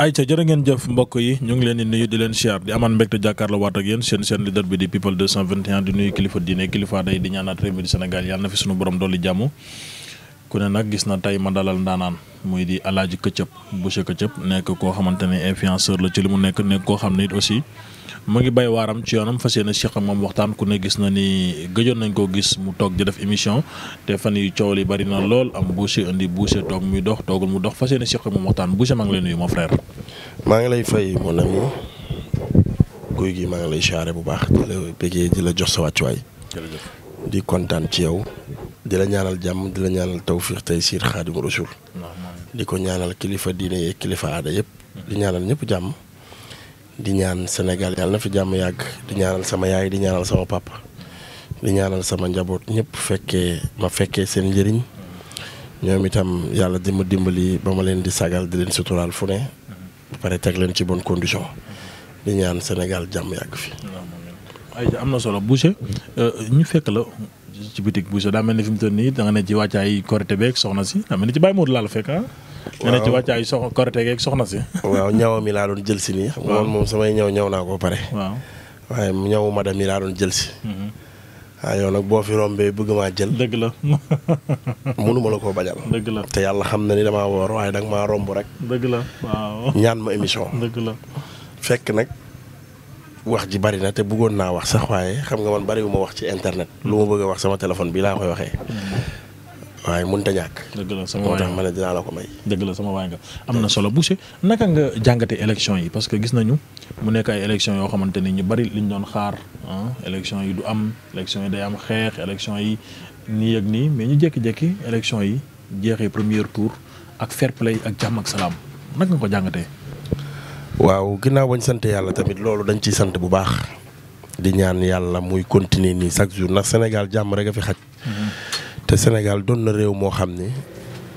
ayca jërë ngeen jëf mbokk yi ñu ngi leen di nuyu di leen siyaar di amaan mbégte jàkkaarloo waat ak yéen seen seen leader bi di people 221 di nuyu kilifa diine kilifa day di ñaanaat réew mi di Sénégal yàlla na fi sunu borom dolli jàmm ku ne nag gis na tey ma dalal ndaanaan muy di alaaji këccëb Boucher këccëb nekk koo xamante ne influenceur la ci li mu nekk nekk koo xam ne it aussi mu ngi bay waaram ci yoonam fas yéene Cheikh moom waxtaan ku ne gis na ni gëjoon nañ koo gis mu toog di def émission te fan yi coow li bari na lool am Boucher indi Boucher toog muy dox toogul mu dox fas yéene Cheikh moom waxtaan Boucher maa ngi lay nuyu mon frère. maa ngi lay fay mon ami guy gi maa ngi lay charré bu baax di la bëggee di la jox sa wàccuwaay. jërëjëf di kontaan ci yow di la ñaanal jàmm di la ñaanal tawfiix tey siir xaadimu rasul di ko ñaanal kilifa diine yeeg kilifa aada yëpp. di ñaanal ñëpp jàmm. di ñaan senegal yàlla na fi jàmm yàgg di ñaanal sama yaay di ñaanal sama pàpp di ñaanal sama njaboot ñëpp fekkee ma fekkee seen njëriñ. ñoom itam yàlla di ma dimbali ba ma leen di sagal di leen suturaal fu ne. ba pare teg leen ci bon condition. di ñaan Sénégal jàmm yàgg fi. ci bitik Boucher daa mel ni fi mu toll nii da nga ne ci wàccaay korite beeg soxna si daa mel ni ci Baye Modou laa la fekk ah. nga ne ci wàccaay jël si nii. moom samay ñaw ñaw naa ko pare. waaw waaye ñawu madame yi laa doon jël si. Mm-hmm. nag boo fi rombee bëgg maa jël. dëgg la. mënu ma la koo bañal. dëgg yàlla xam na ni damaa waaye danga maa romb rek. dëgg la waaw. ñaan ma émission. fekk nag. wax ji bari na te bëggoon naa wax sax waaye xam nga man bari wu wax ci internet lu ma bëgg a wax sama téléphone bi laa koy waxee. waaye mënut a ñàkk. dëgg la sama waay moo tax ma ne dinaa la ko may. dëgg la sama waay nga am na solo Boucher naka nga jàngate élection yi parce que gis nañu mu nekk ay élection yoo xamante ni ñu bari liñ doon xaar ah yi du am élection yi day am xeex élection yi nii ak nii mais ñu jékki-jékki élection yi jeexee premier tour ak fair play ak jàmm ak salaam nga ko jàngatee. waaw ginnaaw bañ sant yàlla tamit loolu dañ ciy sant bu baax di ñaan yàlla muy continuer nii chaque jour ndax Sénégal jàmm rek a fi xaj. Mm-hmm. te Sénégal doon na réew moo xam ni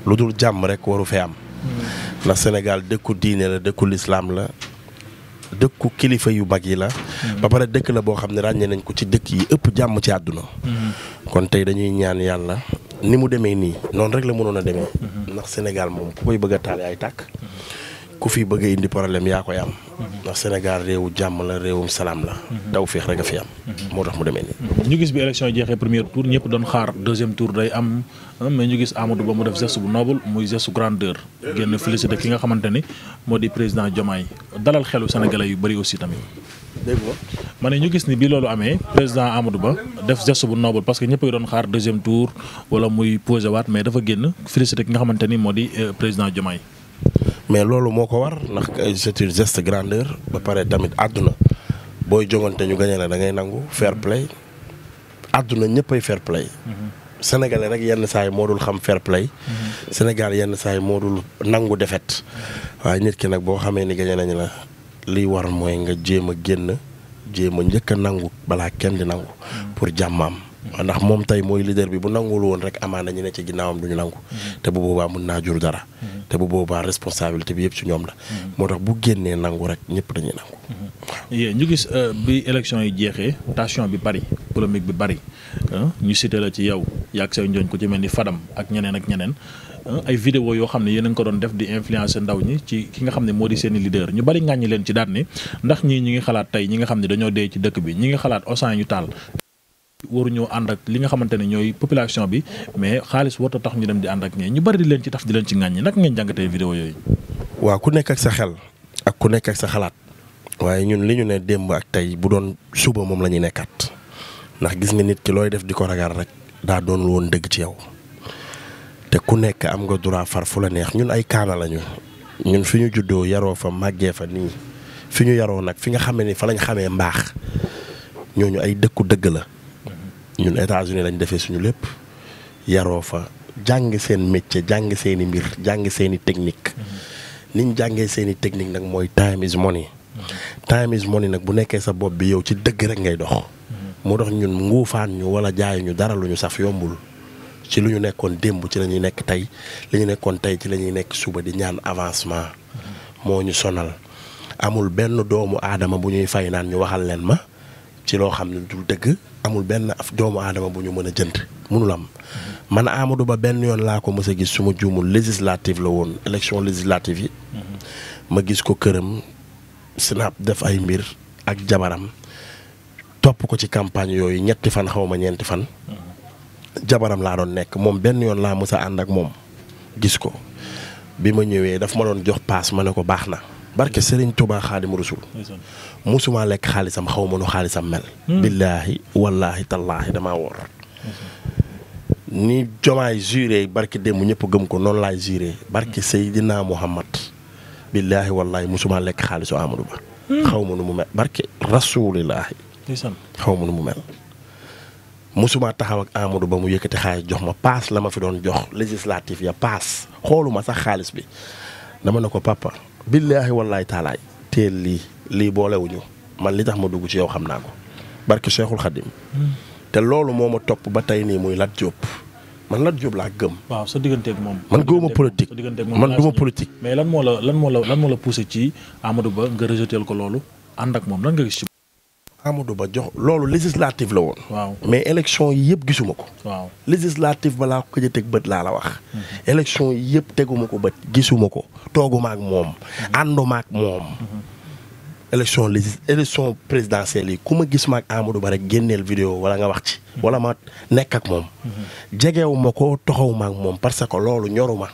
lu dul jàmm rek waru fee am. Mm-hmm. ndax Sénégal dëkku diine la dëkku lislaam la dëkku kilifa yu mag yi la. Mm-hmm. ba pare dëkk la boo xam ne ràññee nañ ko ci dëkk yi ëpp jàmm ci àdduna. kon tey dañuy ñaan yàlla ni mu demee nii noonu rek la mënoon a demee. ndax Sénégal moom ku koy bëgg a taal ay tàkk. ku fi bëgg indi problème yaa koy am. ndax Sénégal réew jàmm la réewum salaam la. taw feex rek nga am. moo tax mu demee nii. ñu gis bi élection yi jeexee premier tour ñëpp doon xaar deuxième tour day am mais ñu gis Amadou Ba mu def geste bu noble muy geste grandeur génn félicité ki nga xamante ni moo di président Diomaye dalal xelu sénégalais yu bëri aussi tamit. dégg nga ma ñu gis ni bi loolu amee président Amadou Ba def geste bu noble parce que ñëpp a doon xaar deuxième tour wala muy posé waat mais dafa génn félicité ki nga xamante ni moo di euh, président Diomaye. mais loolu moo ko war ndax c'est une geste grandeur ba pare tamit àdduna booy jongante ñu gañe la da ngay nangu fair play àdduna ñëppay fair play. Mm-hmm. sénégalais rek yenn saa yi moo dul xam fair play. Mm-hmm. Sénégal yenn saa yi moo dul nangu defet mm-hmm. waaye nit ki nag boo xamee ni gañe nañ la liy war mooy nga jéem a génn jéem a njëkk a nangu balaa kenn di nangu pour jàmmam. ndax moom tey mooy leader bi bu nanguwul woon rek amaana ñu ne ci ginnaawam du ñu nangu. Mm-hmm. te bu boobaa mun naa jur dara. Mm-hmm. te bu boobaa responsabilité bi yëpp si ñoom la. Mm-hmm. moo tax bu génnee nangu rek ñëpp dañuy nangu. waaw ñu gis euh, bi élection yi jeexee tension bi bari polémique bi bari ñu cité ci yow yàgg say njooñ ko ci mel ni Fadam ak ñeneen ak ñeneen. ay vidéo yoo xam ne yéen a ko doon def di influencer ndaw ñi ci ki nga xam ne moo di seen i leader ñu bari ŋàññi leen ci daan ni ndax ñii ñi ngi xalaat tey ñi nga xam ne dañoo dee ci dëkk bi ñi ngi xalaat Ousmane ñu taal waruñoo ànd ak li nga xamante ne ñooy population bi mais xaalis warta tax ñu dem di ànd ak ñee ñu bari di leen ci taf di leen ci ñi naka ngeen jàngatee vidéo yooyu. waa ku nekk ak sa xel ak ku nekk ak sa xalaat waaye ñun li ñu ne démb ak tey bu doon suba moom la ñuy nekkaat ndax gis nga nit ki looy def di ko ragal rek daa doon woon dëgg ci yow te ku nekk am nga droit far fu la neex ñun ay kaana lañu ñun fi ñu juddoo yaroo fa màggee fa nii fi ñu yaroo nag fi nga xamee ni fa lañ xamee mbaax ñooñu ay dëkku dëgg la. ñun États-Unis lañ defee suñu lépp yaroo fa jàng seen métier jàng seen mbir jàng seeni technique. Mm-hmm. ni ñu jàngee seen technique nag mooy time is money. Mm-hmm. time is money nag bu nekkee sa bopp bi yow ci dëgg rek ngay dox. Mm-hmm. moo tax ñun nguufaan ñu wala jaay ñu dara luñu ñu saf yombul. ci lu ñu nekkoon démb ci la ñuy nekk tey li ñu nekkoon tey ci lañuy nekk suba di ñaan avancement. moo ñu sonal amul benn doomu aadama bu ñuy fay naan ñu waxal leen ma ci loo xam ne du dëgg. amul benn af doomu aadama bu ñu mën a jënd mënul am man Amadou Ba benn yoon laa ko mës a gis su ma juumul législative la woon élection législative yi. ma gis ko këram snap def ay mbir ak jabaram topp ko ci campagne yooyu ñetti fan xaw ma ñeenti fan. jabaram laa doon nekk moom benn yoon laa mës a ànd ak moom gis ko bi ma ñëwee daf ma doon jox paas ma ne ko baax na barke Serigne Touba Xaadimu Rasuul musuma lekk xaalisam xaw ma nu xaalisam mel. Hmm. billaahi wallaahi tallaahi damaa wóor. ni jomaay juré barki démb ñëpp gëm ko noonu laay juré barki Seydina Muhammad billaahi wallaahi musuma lekk xaalisu Amadou Ba. Hmm. xaw ma nu mu mel xaw ma nu mu mel. musuma taxaw ak Amadou Ba mu yëkkati xaalis jox ma paas la ma fi doon jox législatif ya paas xooluma sax xaalis bi dama ne ko papa billaahi wallaahi taalaay teel lii. lii boolewuñu man li tax ma dugg ci yow xam naa ko barki Cheikhul Khadim te loolu moo ma topp ba tey nii muy Lat Diop man Lat Diop laa gëm. waaw sa digganteeg moom. man gëwuma politique man duma politique. mais lan moo la lan moo la lan moo la poussé ci Amadou Ba nga rejetel ko loolu ànd ak moom lan nga gis ci. Amadou Ba jox loolu législative la woon. waaw mais élection yi yëpp gisuma ko. waaw législative balaa ko gëj a teg bët laa la wax. Mhm. élection yi yëpp teguma ko bët gisuma ko tooguma ak moom mhm. ànduma ak moom. Mhm. élection légis élection présidentielle yi ku ma gis maak Amadou Ba rek génneel vidéo wala nga wax ci. wala ma nekk ak moom. jegewu ma ko taxawu ma moom parce que loolu ñoruma.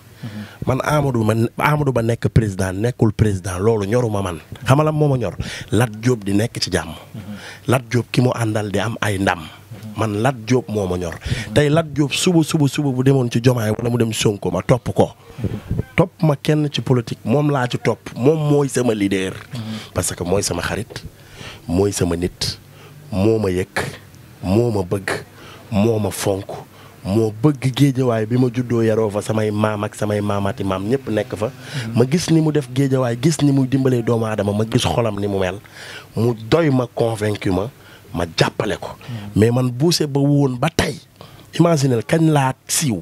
man Amadou man Amadou Ba nekk président nekkul président loolu ñoruma man xamalam moom ma ñor Lat Diop di nekk ci jàmm. Lat Diop ki mu àndal di am ay ndam. man Lat jóob moo ma ñor tey Lat jóob suba suba suba bu demoon ci Jomaay wala mu dem Sonko ma topp ko topp ma kenn ci politique moom laa ci topp moom mooy sama leader parce que mooy sama xarit mooy sama nit moo ma yëg moo a bëgg moo ma fonk moo bëgg géejawaay bi ma juddoo yaroo fa samay maam ak samay maamaati maam ñëpp nekk fa ma gis ni mu def géejawaay gis ni muy dimbalee doomu aadama ma gis xolam ni mu mel mu doy ma convaincu ma ma jàppale ko. mais man buuse ba woon ba tey. imaginer kañ laa siiw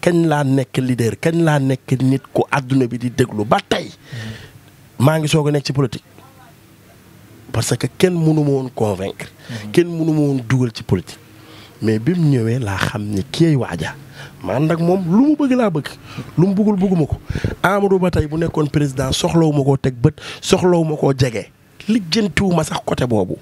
kañ laa nekk leader kañ laa nekk nit ku àdduna bi di déglu ba tey maa ngi soog a nekk ci politique. parce que kenn mënu ma woon convaincre. kenn mënu ma woon dugal ci politique. mais bi mu ñëwee laa xam ni kii waaja man nag moom lu mu bëgg laa bëgg lu mu buggul bëgguma ko Amadou Ba tey bu nekkoon président soxlawu ma koo teg bët soxlawu ma koo jege lijjantiwu ma sax côté boobu.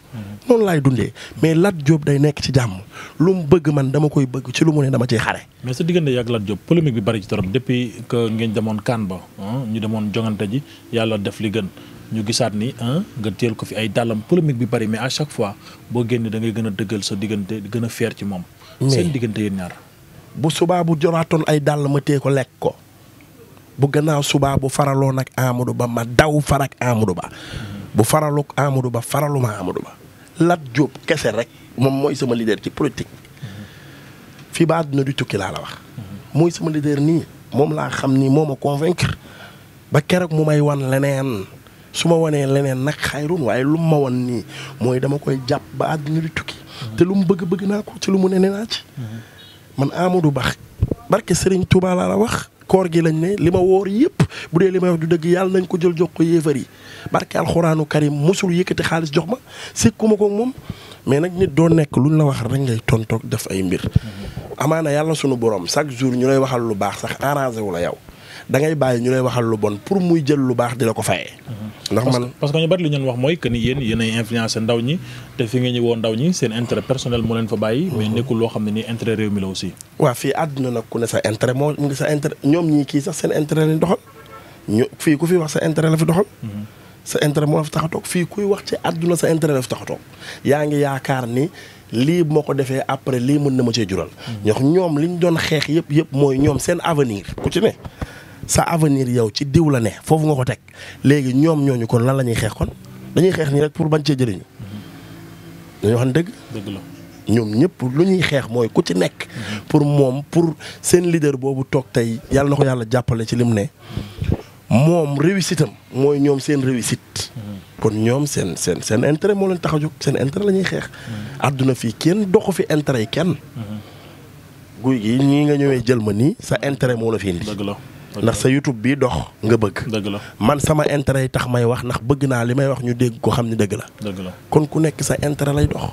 noonu laay dundee mais Lat Diop day nekk ci jàmm lu mu bëgg man dama koy bëgg ci lu mu ne dama ciy xare. mais sa diggante yàgg Lat Diop polémique bi bari ci torop depuis que ngeen demoon kan ba ñu demoon jongante ji yàlla def li gën ñu gisaat ni nga teel ko fi ay dàllam polémique bi bari mais à chaque fois boo génnee da ngay gën a dëggal sa diggante gën a feer ci moom. seen diggante yéen ñaar. bu subaa bu joraatoon ay dàll ma tee ko lekk ko bu gannaaw subaa bu faraloon ak Amadou Ba ma daw farak Amadou Ba bu faralook Amadou Ba faraluma Amadou Ba. Lat Diop kese rek moom mooy sama leader ci politique fii ba àdduna du tukki laa la wax. mooy sama leader nii moom laa xam ni moo ma convaincre ba keroog mu may wan leneen su ma wanee leneen nag xayrun waaye lu ma wan nii mooy dama koy jàpp ba àdduna du tukki. te lu mu bëgg bëgg naa ko ci lu mu ne nee naa ci. man Amadou baax barke Serigne Touba laa la wax koor gi lañ ne li ma woor yëpp bu dee li ma wax du dëgg yàlla nañ ko jël jox ko yéefar yi barke alxuraanu karim mosul yëkkati xaalis jox ma sikkuma ko moom mais nag nit doo nekk lu luñ la wax rek ngay tontoog def ay mbir amaana yàlla sunu borom chaque jour ñu lay waxal lu baax sax arrangé wu la yow da ngay bàyyi ñu lay waxal lu bon pour muy jël lu baax di la ko fayee. ndax man parce que ñu bari li ñu wax mooy que ni yéen yéen ay influencé ndaw ñi te fi nga ñëwoon ndaw ñi seen intérêt personnel moo leen fa bàyyi. mais nekkul loo xam ne nii intérêt réew mi la aussi. waaw fii àdduna nag ku ne sa sa intérêt ñoom ñii kii sax seen intérêt lañ doxal ñu fii ku fi wax sa intérêt la fi doxal. Mhm. sa intérêt moo la fi tax a fii kuy wax ci àdduna sa intérêt la fi tax yaa ngi yaakaar ni lii bu ma ko defee après lii mën na ma cee jural. Hmm. ñox ñoom li ñu doon xeex yëpp yëpp mooy ñoom seen avenir ku ci ne. sa avenir yow ci diw la ne foofu nga ko teg léegi ñoom ñooñu kon lan la ñuy xeex dañuy xeex nii rek pour bañ cee jëriñu. Hmm. dañoo xam dëgg. dëgg la ñoom ñëpp lu ñuy xeex mooy ku ci nekk. Hmm. pour moom pour seen leader boobu toog tey yàlla na ko yàlla jàppale ci lim ne. moom réussite am mooy ñoom seen réussite. kon ñoom seen seen seen intérêt moo leen tax a jóg seen intérêt la ñuy xeex. àdduna fii kenn doxu fi intérêt kenn. guy gi ñii nga ñëwee jël ma nii sa intérêt moo la fi indi. ndax sa YouTube bi dox nga bëgg. dëgg la man sama intérêt yi tax may wax ndax bëgg naa li may wax ñu dégg ko xam ni dëgg la. dëgg la kon ku nekk sa intérêt lay dox.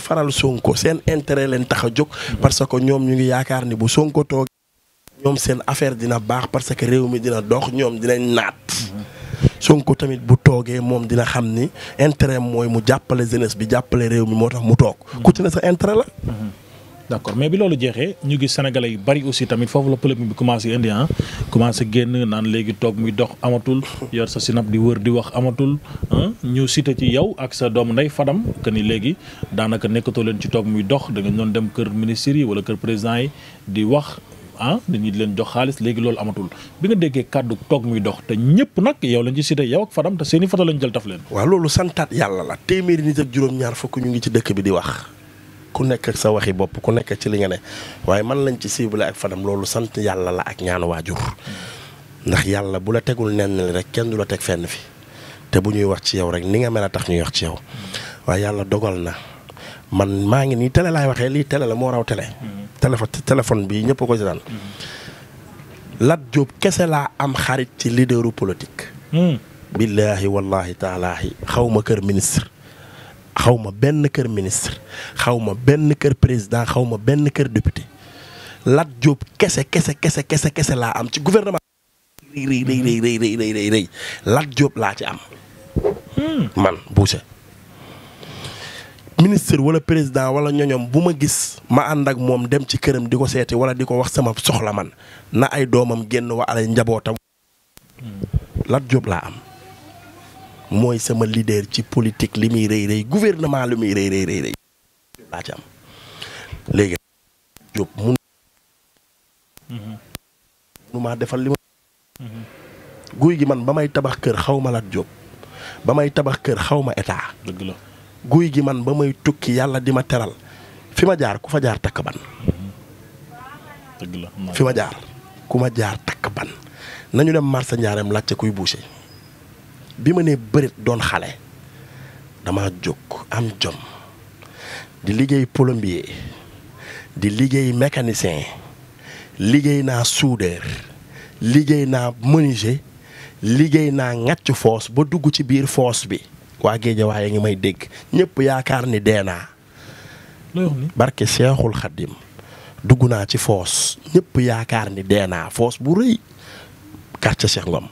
faral Sonko seen intérêt leen tax a jóg. Mm-hmm. parce que ñoom ñu ngi yaakaar ni bu Sonko toog ñoom seen affaire dina baax parce que réew mi dina dox ñoom dinañ naat. Sonko tamit bu toogee moom dina xam ni intérêt mooy mu jàppale jeunesse bi jàppale réew mi moo tax mu toog. Hmm. ku ci sa intérêt la. Hmm. d' accord mais bi loolu jeexee ñu gis sénégalais yu bari aussi tamit foofu la polémique bi commencé indi ah commencé génn naan léegi toog muy dox amatul yor sa sinap di wër di wax amatul ah. ñu cité ci yow ak sa doomu ndey Fadam que ni léegi daanaka nekkatoo leen ci toog muy dox da nga doon dem kër ministres yi wala kër yi di wax ah dañuy leen jox xaalis léegi loolu amatul bi nga déggee kàddu toog muy dox te ñëpp nag yow lañ ci cité yow ak Fadam te seen i photo jël taf leen. waaw loolu santaat yàlla la téeméeri nit ak ñu ngi ci dëkk bi di wax ku nekk ak sa waxi bopp ku nekk ci li ne waaye man lañ ci ciblé ak Fadam loolu sant yàlla la ak ñaan waajur ndax yàlla bu la tegul nenn li rek kenn du la teg fenn fi te bu ñuy wax ci yow rek ni nga mel a tax ñuy wax ci yow waaye yàlla dogal na man maa ngi nii télé laay waxee lii télé la moo raw télé mm-hmm. téléphone téléphone bi ñëpp ko seetaan Lat Diop kese laa am xarit ci leaderu politique. Hmm. billaahi wallaahi taalaahi xaw ma kër ministre. xaw ma benn kër ministre xaw ma benn kër président xaw ma benn kër député Lat Diop kese kese kese kese kese laa am ci gouvernement. rëy rëy rëy rëy rëy rëy rëy Lat Diop laa ci am. Hmm. man Boucher. ministre wala président wala ñoñom bu ma gis ma ànd ak moom dem ci këram di ko seeti wala di ko wax sama soxla man na ay doomam génn wa alay njabootam. Lat Diop laa am mooy sama leader ci politique li muy rëy rëy gouvernement li muy rëy rëy rëy rëy laa ci am léegi Diop mun nu maa defal li ma guy gi man ba may tabax kër xaw ma Lat Diop ba may tabax kër xaw ma état dëgg la guy gi man ba may tukki yàlla di ma teral fi ma jaar ku fa jaar takk ban. dëgg fi ma jaar ku ma jaar takk ban nañu dem marché njaareem laajte kuy boucher bi ma nee bërit doon xale dama jóg am jom di liggéey plombier di liggéey mécanicien liggéey naa soudeur liggéey naa menuisier liggéey naa ŋàcc foos ba dugg ci biir foos bi. waa géeja waaye ngi may dégg ñëpp yaakaar ni dee naa barke Seexul Xaddim dugg naa ci foos ñëpp yaakaar ni dee naa foos bu rëy quartier Cheikh Ngom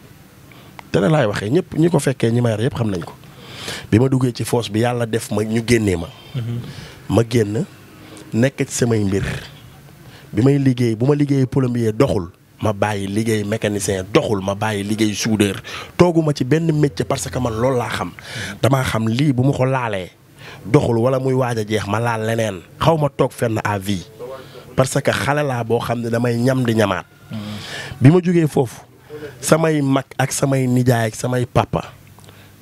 te ne laay waxee ñëpp ñi ko fekkee ñi ma yar yëpp xam nañ ko bi ma duggee ci foos bi yàlla def ma ñu génnee ma mhm. ma génn nekk samay mbir bi may liggéey bu ma liggéey plombier doxul ma bàyyi liggéey mécanicien doxul ma bàyyi liggéey soudeur tooguma ci benn métier parce que man loolu laa xam damaa xam lii bu ma ko laalee doxul wala muy waaj a jeex ma laal leneen xawma toog fenn à vie parce que xale laa boo xam ne damay ñam di ñamaat mm-hmm. bi ma jógee foofu samay mag ak samay nijaay ak samay papa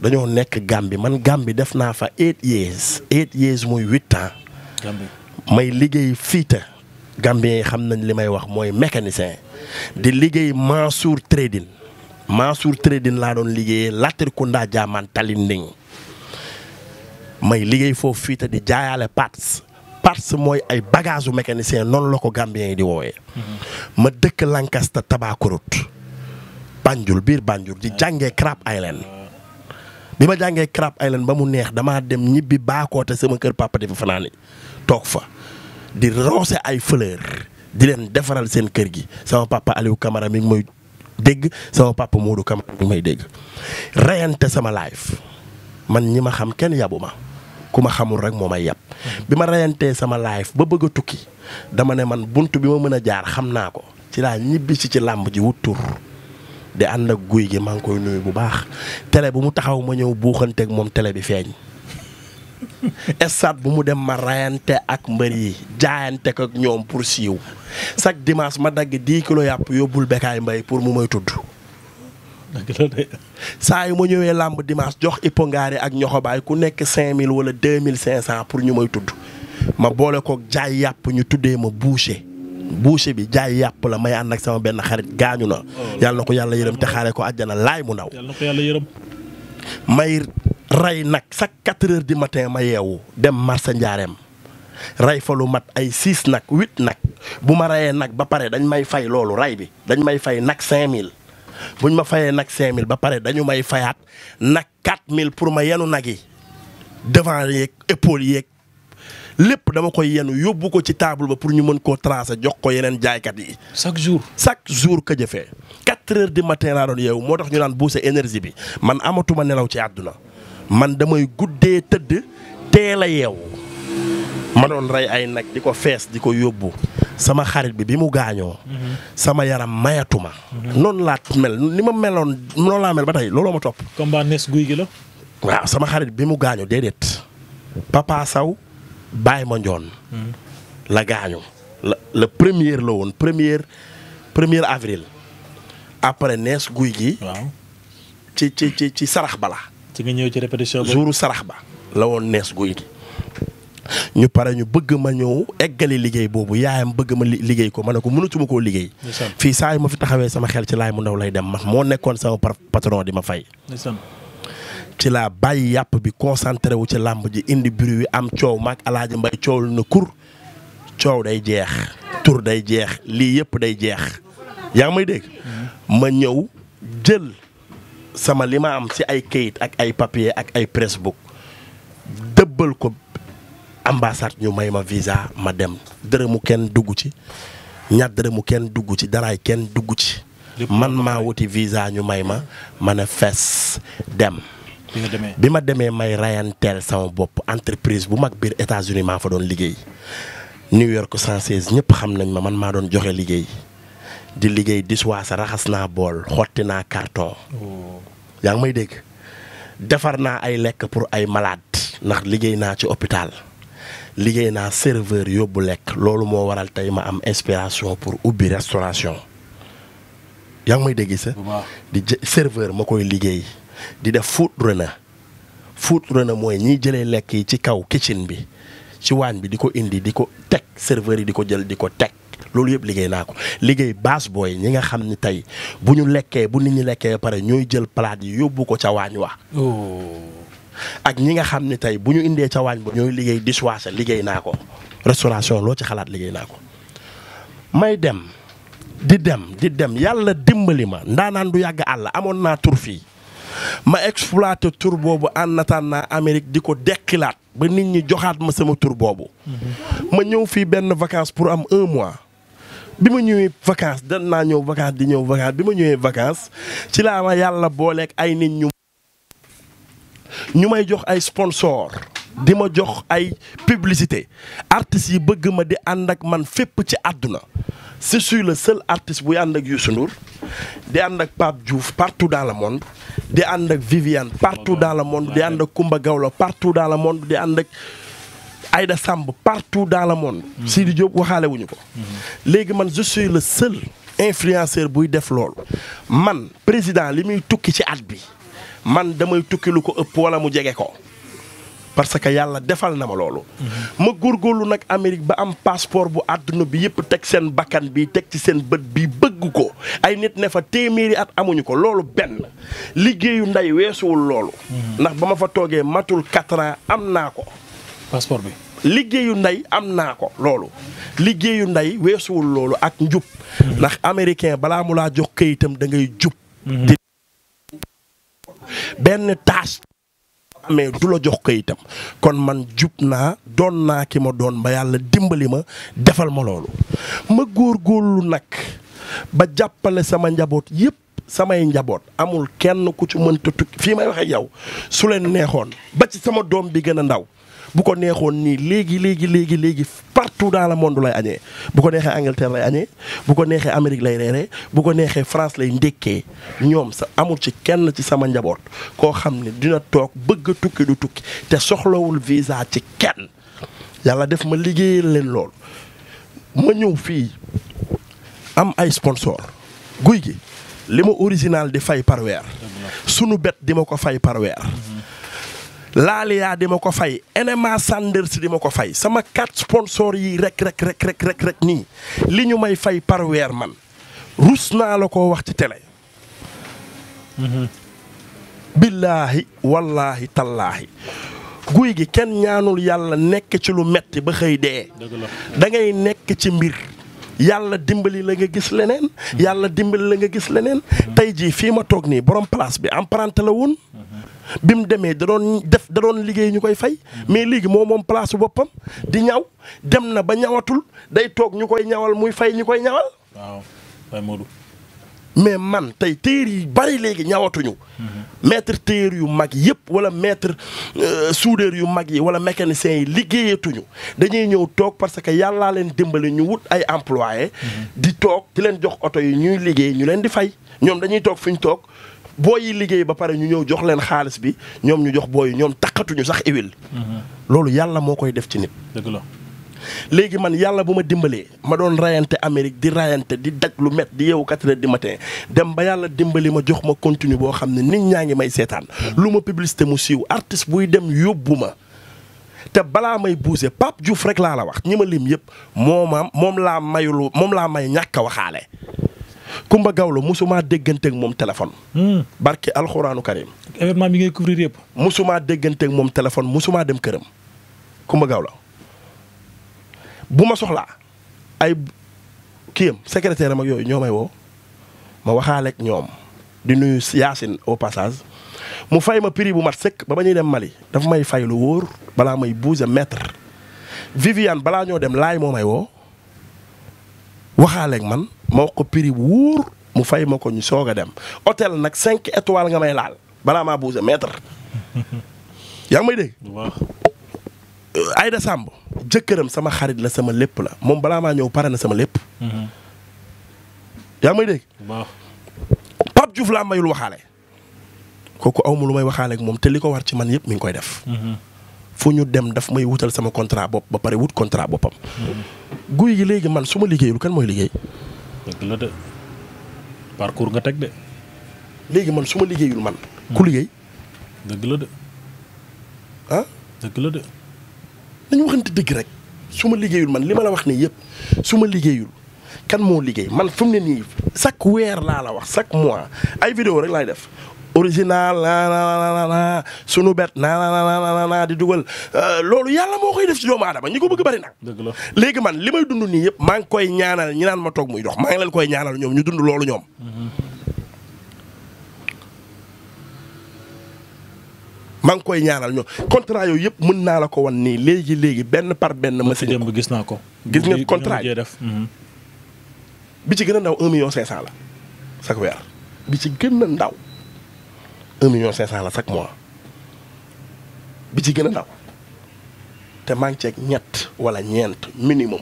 dañoo nekk Gambie man Gambie def naa fa eight years eight years muy huit ans may liggéey fiita Gambien yi xam nañ li may wax mooy mécanicien di liggéey Mansour Trading Mansour Trading laa doon liggéeyee ndaa Jaamaan Talinding may liggéey foofu fii te di jaayaale parts parts mooy ay bagage u mécanicien noonu la ko Gambien yi di woowee. Mhm. ma dëkk Lancaster Tabacorute Banjul biir Banjul di jàngee Crab Island bi ma jàngee Crab Island ba mu neex damaa dem ñibbi baakoote sama kër papa di fa fanaani toog fa di roose ay fleur di leen defaral seen kër gi sama papa Aliou Camara mi mooy dégg sama papa Modou Camara mi ngi may dégg reyante sama live man ñi ma xam kenn yabu ma ku ma xamul rek moo may yab bi ma reyantee sama live ba bëgg tukki dama ne man bunt bi ma mën a jaar xam naa ko ci laa ñibbi si ci làmb ji wut tur di ànd ak guy gi maa ngi koy nuyu bu baax télé bi mu taxaw ma ñëw buuxanteek moom tele bi feeñ stade bu mu dem ma rayante ak mbër yi jaayante ko ak ñoom pour siiw chaque dimanche ma dagg 10 kilos yàpp yóbbul Bécaye mbay pour mu may tudd. saa yu ma ñëwee làmb dimanche jox ipongaari ak ñoxobaay ku nekk 5000 wala 2500 pour ñu may tudd ma boole kook jaay yàpp ñu tuddee ma boucher. boucher bi jaay yàpp la may ànd ak sama benn xarit gaañu na. Oh. yàlla ko yàlla yërëm te xaare ko àjjana laay mu ndaw. ray nag chaque quatre heures du matin ma yeewu dem marché njaareem ray fa lu mat ay six nag huit nag bu ma rayee nag ba pare dañ may fay loolu ray bi dañ may fay nag cinq mille buñ ma fayee nag cinq mille ba pare dañu may fayaat nag quatre mille pour ma yenu nag yi devant yeeg épaule yeeg lépp dama koy yenu yóbbu ko ci table ba pour ñu mën koo tracé jox ko yeneen jaaykat yi. chaque jour chaque jour ka jëfee quatre heures di matin laa doon yeewu moo tax ñu naan bouse énergie bi man amatuma nelaw ci àdduna. man damay guddee tëdd teel la yeewu ma doon rey ay nag di ko fees di ko yóbbu sama xarit bi bi mu gaañoo. Mhm. sama yaram mayatuma. Mhm. noonu laa mel ni ma meloon noonu laa mel ba tey looloo ma topp. combat nees guy gi la. waaw sama xarit bi mu gaañoo déedéet. Papa Sow ma Mandione. Mhm. la gaañu la la première la woon première premier avril. après nees guy gi. waaw ci ci ci sarax bala ci nga ñëw ci répétition ba sarax ba la woon nees guy ñu pare ñu bëgg ma ñëw eggali liggéey boobu yaayam bëgg ma liggéey ko ma ne ko mënatuma koo liggéey. fii saa ma fi taxawee sama xel ci laay mu ndaw lay dem man moo nekkoon sama patron di ma fay. ci laa bàyyi yàpp bi concentré wu ci làmb ji indi bruit wi am coow maag alaaj mbay coow lu na kur coow day jeex tur day jeex lii yëpp day jeex yaa may dégg. Mm-hmm. ma ñëw jël. sama li ma am ci ay kayit ak ay papier ak ay presse book dëbbal ko ambassade ñu may ma visa ma dem dërëmu kenn dugg ci ñaar dërëmu kenn dugg ci daraay kenn dugg ci man maa wuti visa ñu may ma ma ne fees dem bi ma demee may rayanteel sama bopp entreprise bu mag biir États-Unis maa fa doon liggéey New York 116 ñëpp xam nañ ma man maa doon joxe liggéey di liggéey di sa raxas naa bool xotti naa carton. Oh. yaa ngi may dégg defar naa ay lekk pour ay malaad ndax liggéey naa ci hôpital liggéey naa serveur yóbbu lekk loolu moo waral tey ma am inspiration pour ubbi restauration yaa ngi may dégg sa di serveur ma koy liggéey di def food runner food runner mooy ñiy jëlee lekk yi ci kaw kitchen bi ci waañ bi di ko indi di ko teg serveur yi di ko jël di ko teg loolu yëpp liggéey naa ko liggéey baas booy ñi nga xam ni tey bu ñu lekkee bu nit ñi lekkee pare ñooy jël palaat yi yóbbu ko ca waañ wa oh. ak ñi nga xam ni tey bu ñu indee ca waañ ba ñuy liggéey dishwasher liggéey naa ko restauration loo ci xalaat liggéey naa ko may dem di dem di dem yàlla dimbali ma ndaanaan du yàgg àll amoon naa tur fii ma exploité tur boobu nataan attendant Amérique di ko dekkilaat ba nit ñi joxaat ma sama tur boobu mm-hmm. ma ñëw fii benn vacance pour am un mois bi ma ñëwee vacance dan naa ñëw vacance di ñëw vacance bi ma ñëwee vacance ci laa ma yàlla booleeg ay nit ñu ñu may jox ay sponsor di ma jox ay publicité artistes yi bëgg ma di ànd ak man fépp ci àdduna je suis le seul artiste buy ànd ak Youssou Ndour di ànd ak Pape Diouf partout dans la monde di ànd ak Viviane partout dans la monde di ànd ak Kumba Gawlo partout dans le monde di ànd ak Aïda Samb partout dans le monde. Mhm. Sidi Diop waxaale wuñu ko. Mhm. léegi man je suis le seul influenceur buy def loolu. man président li muy tukki ci at bi man damay tukkilu ko ëpp wala mu jege ko. parce que yàlla defal na ma loolu. Mhm. ma góorgóorlu nag Amérique ba am passeport bu àdduna bi yëpp teg seen bakkan bi teg ci seen bët bi bëgg ko ay nit ne fa téeméeri at amuñu ko loolu benn liggéeyu ndey weesuwul loolu. ndax ba ma fa toogee matul quatre am naa ko. passeport bi. liggéeyu ndey am naa ko loolu liggéeyu ndey weesuwul loolu ak njub mm-hmm. ndax américain balaa mu laa jox kayitam da ngay jub. Mm-hmm. di benn tâche mais du la jox këyitam kon man jub naa doon naa ki ma doon ba yàlla dimbali ma defal ma loolu ma góor góorgóorlu nag ba jàppale sama njaboot yépp samay njaboot amul kenn ku ci mënta tukki fii may wax ak su leen neexoon ba ci sama doom bi gën a ndaw. bu ko neexoon nii léegi léegi léegi léegi partout dans le monde lay añee bu ko neexee Angleterre lay añee bu ko neexee Amérique lay reeree bu ko neexee France lay ndékkee ñoom sa amul ci kenn ci sama njaboot koo xam ne dina toog bëgg tukki du tukki te soxlawul visa ci kenn yàlla def ma liggéeyal leen lool ma ñëw fii am ay sponsor guy gi li ma original di fay par weer bet di ma ko fay par weer Laalia di ma ko fay NMA Sanders di ma ko fay sama quatre sponsors yi rek rek rek rek rek rek nii li ñu may fay parweer man rus naa la ko wax ci télé. billaahi wallaahi tallaahi guy gi kenn ñaanul yàlla nekk ci lu metti ba xëy dee. da nekk ci mbir. yàlla dimbali la nga gis leneen. yàlla dimbali la nga gis leneen. Mm-hmm. tey jii fii ma toog nii borom place bi emprunté la woon. Mm-hmm. bi mu demee da doon def da doon liggéey ñu koy fay mais léegi moom moom place boppam di ñaw dem na ba ñawatul day toog ñu koy ñawal muy fay ñu koy ñawal. waaw mais man tey téer yi bari léegi ñawatuñu. Mhm. maître téer yu mag yëpp wala maître euh, soudeur yu mag yi wala mécanicien yi liggéeyatuñu dañuy ñëw toog parce que yàllaa leen dimbali ñu wut ay employé mhm. di toog di leen jox oto yi ñuy liggéey ñu leen di fay ñoom dañuy toog fi ñu toog. booy yi liggéey ba pare ñu ñëw jox leen xaalis bi ñoom ñu jox booy ñoom taqatuñu sax iwil mm-hmm. loolu yàlla moo koy def ci nit. dëgg la léegi man yàlla bu ma dimbalee ma doon rayante Amérique di rayante di dag lu met di yeewu quatre di du matin dem ba yàlla dimbali ma jox ma continue boo xam ne nit ñaa ngi may seetaan. Mm-hmm. lu ma publicité mu siiw artiste buy dem yóbbu ma. te balaa may buuse Pape Diouf rek laa la wax ñi ma lim yëpp moo ma moom laa mayul moom laa may ñàkk a waxaale. Kumba Gawlo mosuma dégganteeg moom téléphone. Hmm. barke alxuraanu karim. événement bi ngay couvrir yëpp. mosuma dégganteeg moom téléphone mosuma dem këram Kumba Gawlo bu ma soxlaa ay kiyam secrétaire ma yooyu ñoo may woo ma waxaale ñoom di nuyu Yacine au passage mu fay ma prix bu mat sëkk ba ba ñuy dem Mali dafa may fay lu wóor balaa may bouger mètre Viviane balaa ñoo dem laay moo may woo waxaale man. ma wax ko prix bu wóor mu fay ma ko ñu soog a dem hôtel nag cinq étoiles nga may laal balaa maa buuse maître yaa ngi may dégg. waaw euh, Aïda Samb jëkkëram sama xarit la sama lépp la moom balaa maa ñëw pare na sama lépp. Mm-hmm. yaa ngi may dégg. waaw Pape laa mayul waxaale. kooku aw mu lu may waxaale moom te li ko war ci man yëpp mi ngi koy def. Mm-hmm. fu ñu dem daf may wutal sama contrat bopp ba pare wut contrat boppam. Mm-hmm. guy gi léegi man su ma liggéeyul kan mooy liggéey. dëgg la de parcours nga teg de. léegi man su ma liggéeyul man. ku liggéey. dëgg la de. ah dëgg la de. nañu waxante dëgg rek su ma liggéeyul man li ma la wax nii yëpp su ma liggéeyul kan moo liggéey man fu ne nii chaque weer laa la wax chaque mois ay vidéo rek laay def original nananana sunu bet nananana di dugal loolu yàlla moo koy def ci doomu aadama ñi ko bëgg bari nag léegi man li may dund nii yëpp maa ngi koy ñaanal ñi naan ma toog muy dox maa ngi leen koy ñaanal ñoom ñu dund loolu ñoom maa ngi koy ñaanal ñoom contrat yooyu yëpp mën naa la ko wan nii léegi léegi benn par benn ma si démb gis naa ko gis nga contrat bi ci gën a ndaw un million cinq cent la chaque weer bi ci gën a ndaw un million cinq cent la chaque mois bi ci gën a ndaw te maa ñett wala ñeent minimum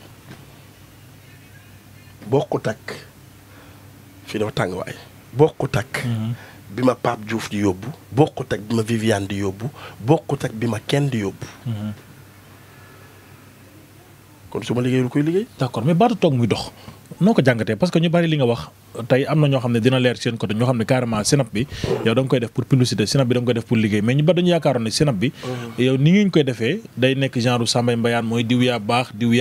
bokkut ak fii dafa tàng waay bokkut ak mm-hmm. bi ma Pape juuf di yóbbu bokkut ak bi ma Viviane di yóbbu bokkut ak bi ma kenn di yóbbu mm-hmm. kon su ma liggéeyul koy liggéey d'accord mais baatu toog muy dox noo ko jàngatee parce que ñu bari li nga wax tey am na ñoo xam ne dina leer seen côté ñoo xam ne carrément Snap bi yow da koy def pour publicité Snap bi da koy def pour liggéey mais ñu ba dañu yaakaaroon ne Snap bi mm. yow ni nekk genre sàmbay mbayaan mooy diw yaa baax diw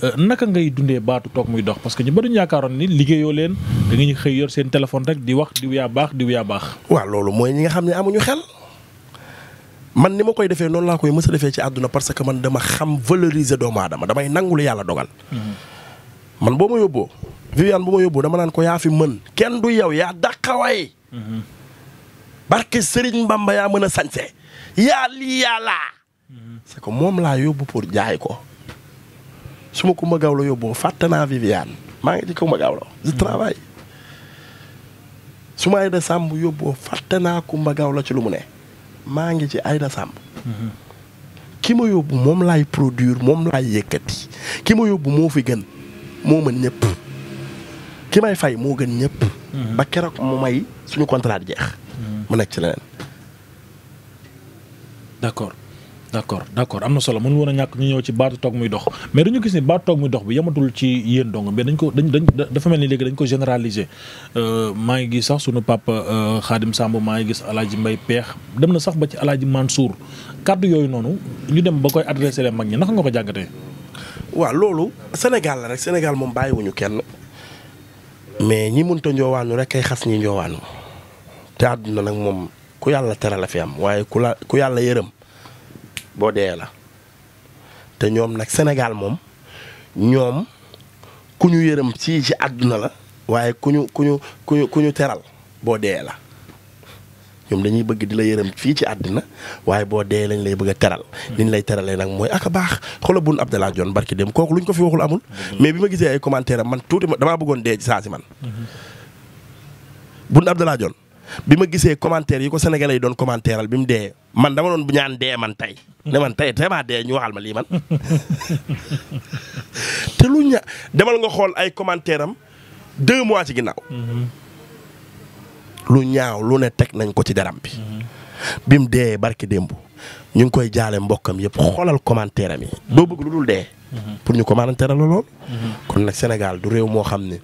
euh, naka ngay dundee baatu toog muy dox parce que ñu ba dañu leen da nga ñu xëy yor seen téléphone rek di wax diw yaa baax diw yaa baax waaw loolu mooy ñi nga xam ne amuñu xel man ni ma koy defee noonu laa koy mës a defee ci àdduna parce que man dama xam valoriser doomu aadama damay nangu lu yàlla dogal mm-hmm. man boo ma yóbboo Viviane bu ma yóbboo dama naan ko yaa fi mën kenn du yow yaa daqaway mhm. barke Serigne Mbamba yaa mën a sañse yaa lii yaa laa mhm. c'est moom laa yóbbu pour jaay ko su ma Coumba Gawlo yóbboo fàtte naa Viviane maa ngi ci Coumba Gawlo je mhm. travaille su ma Aïda Samb yóbboo fàtte naa Coumba Gawlo ci lu mu ne maa ngi ci Aïda Samb ki ma yóbbu moom laay produir moom laay yëkkati ki ma yóbbu moo fi gën moo mën ñëpp ki may fay moo gën ñëpp. Mhm. ba keroog mu oh. may suñu contrat jeex. mu mhm. nekk ci leneen. d'accord d'accord d'accord am na solo mënu woon a ñàkk ñu ñëw ci baat toog muy dox mais dañu gis ni baatu toog muy dox bi yamatul ci yéen dong mais dañ ko dañ dafa mel ni léegi dañ ko généraliser euh, maa ngi gis sax sunu papa euh, Khadim Samb maa ngi gis alaaji Mbay Peex dem na sax ba ci alaaji Mansour kàddu yooyu noonu ñu dem ba koy adressé leen mag ñi naka nga ko jàngatee. waaw loolu Sénégal la rek Sénégal moom bàyyiwuñu kenn mais ñi mënta njoowaanu rek ay xas ñi njoowaanu te àdduna nag moom ku yàlla teral a fi am waaye ku la ku yàlla yërëm boo dee la te ñoom nag Sénégal moom ñoom ku ñu yërëm ci ci àdduna la waaye ku ñu ku ñu ku ñu ku ñu teral boo dee la ñoom dañuy bëgg di la yërëm fii ci àddina waaye boo dee lañ lay bëgg a teral hmm. liñ lay teralee nag mooy ak a baax xoolal bun Abdallah Dione barki dem kook luñ ko fi waxul amul hmm. mais bi ma gisee ay commentaire am man tuuti ma damaa bëggoon dee ci saa si man hmm. bun bi ma gisee commentaire yi ko sénégalais yi doon commentaire al bi mu dee man dama doon ñaan dee man tey ne man tey vraiment dee ñu waxal ma lii man te lu ña demal nga xool ay commentaire am deux mois ci ginnaaw lu ñaaw lu ne teg nañ ko ci deram bi. bim dee barki démb ñu ngi koy jaale mbokkam yëpp xoolal commentaire am yi. doo bëgg lu dul dee. Mm-hmm. pour ñu commentaire la lool. Mm-hmm. kon nag Sénégal du réew moo xam ne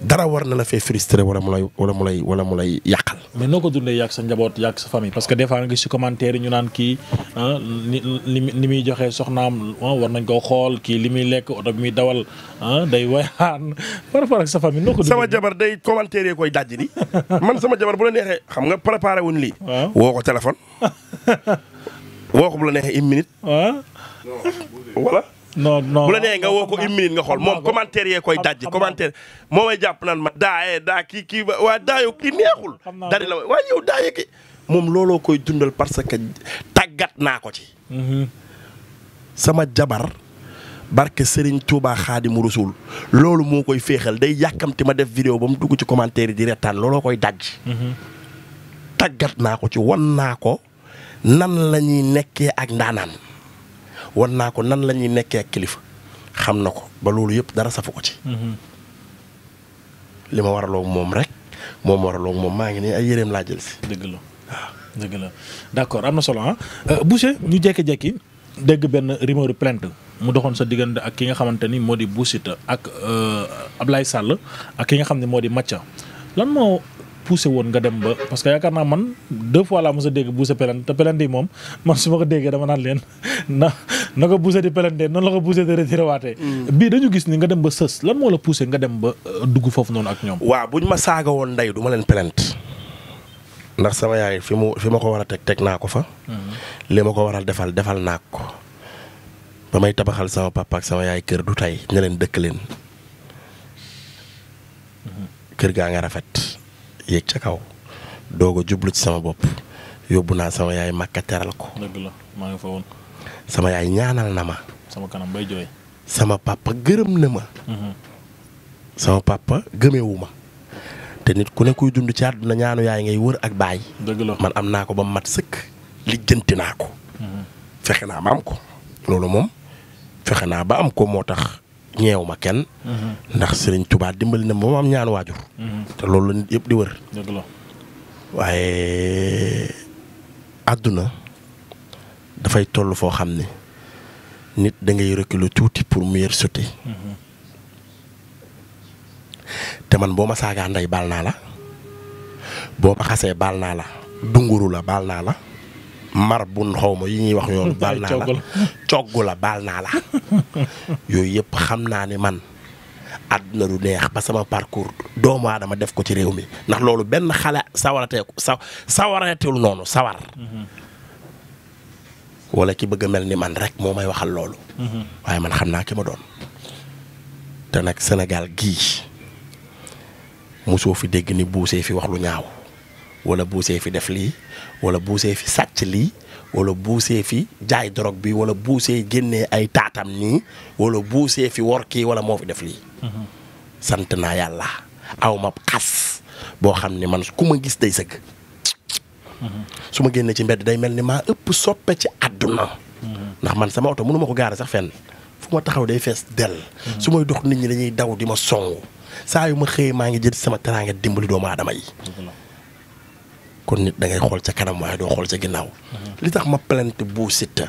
dara war na la fee frustré wala mu lay wala mu lay wala mu lay yàqal. mais noo ko dundee yàq sa njaboot yàq sa famille parce que des fois nga si commentaire yi ñu naan kii li ah, li muy joxe soxnaam ah, nañ koo xool kii li muy lekk oto bi muy dawal ah, day wayaan par rapport ak sa famille. noo sama jabar day commentaire yi koy dajji di man sama jabar bu la neexee nga préparé wuñ lii. waaw woo ko la neexee non non bu la nee nga woo ko une nga xool moom commentaire yee koy dajji commentaire moo may jàpp naan ma daayee eh, daa kii kii waa daayo kii neexul. dari la waaye yow daaye ki moom looloo koy dundal parce que tàggat naa ko ci. Mm-hmm. sama jabar barke Serigne Touba Xaadimu Rasuul loolu moo koy féexal day yàkkamti ma def vidéo ba mu dugg ci commentaire yi looloo koy dajji. Mm-hmm. naa ko ci wan naa ko nan la ñuy nekkee ak ndaanaan. wan naa ko nan la ñuy nekkee ak kilifa xam na ko ba loolu yëpp dara safu ko ci. Mm-hmm. li ma waraloo moom rek moom waraloo moom maa ngi nii ay yéreem laa jël si. dëgg la waaw dëgg la d'accord am na solo ah euh, Boucher ñu jékki-jékki dégg benn rumeur plainte mu doxoon sa diggante ak ki nga xamante ni moo di Bou Siteu ak euh, Ablaye Sall ak ki nga xam ne moo di Macha lan moo poussé woon nga dem ba parce que yaakaar naa man deux fois laa mos a dégg buuse pelante te pelante yi moom man su ma ko déggee dama naan leen na na ko buuse di pelante noonu la ko buuse di retiré waatee. Mm. bii dañu gis ni nga dem ba sës lan moo la poussé nga dem ba euh, dugg foofu noonu ak ñoom. waaw buñ ma saaga woon ndey du ma leen pelante ndax sama yaay fi mu fi ma ko war a teg teg naa ko fa. Mm. li ma ko waral defal defal naa ko. ba may tabaxal sama papa ak sama yaay kër du tey ne leen dëkk leen mm-hmm. kër gaa nga rafet yéeg ca kaw doog a jublu ci sama bopp yóbbu naa sama yaay Makka teral ko. maa ngi fa woon. sama yaay ñaanal na ma. sama kanam bay jooy. sama papa gërëm na ma. Mhm. sama papa gëmewu ma. te nit ku ne kuy dund ci àdduna ñaanu yaay ngay wër ak baay. dëgg la man am naa ko ba mat sëkk. lijjanti naa ko. Mhm. fexe naa ba am ko. loolu moom fexe naa ba am ko moo tax ñeew ma kenn. Mm-hmm. ndax Serigne Touba dimbali na moom am ñaan waajur. Mm-hmm. te loolu la nit yëpp di wër. dëgg waaye àdduna dafay toll foo xam ne nit da ngay reculer tuuti pour mieux sauter. Mm-hmm. te man boo ma saagaa ndey baal naa la boo ma xasee baal naa la dunguru la baal naa la. mar bun xaw ma yi ñuy wax yoon baal naa la coggu la baal naa la yooyu yëpp xam naa ni man àdduna lu neex ba sama parcours doomu aadama def ko ci réew mi ndax loolu benn xale sawarateeku sa sawareetul noonu sawar mm-hmm. wala ki bëgg a mel ni man rek moo may waxal loolu mm-hmm. waaye man xam naa ki ma doon te nag senegal gii mosoo fi dégg ni buusee fi wax lu ñaaw wala buusee fi def lii wala buusee fi sàcc lii wala buusee fi jaay drogue bi wala buusee génnee ay taatam nii wala buusee fi wor kii wala moo fi def lii. Mhm. sant naa yàlla aw ma xas boo xam ne man ku ma gis day sëgg. Mhm. su ma génnee ci mbedd day mel ni maa ëpp soppe ci àdduna. Mhm. ndax man sama oto mënu ma ko gaar sax fenn fu ma taxaw day fees del su may dox nit ñi dañuy daw di ma songu saa yu ma xëyee maa ngi jël sama teraanga dimbali doomu aadama yi. kon nit da ngay xool ca kanam waaye doo xool ca ginnaaw. Mhm. li tax ma plainte bu Siteu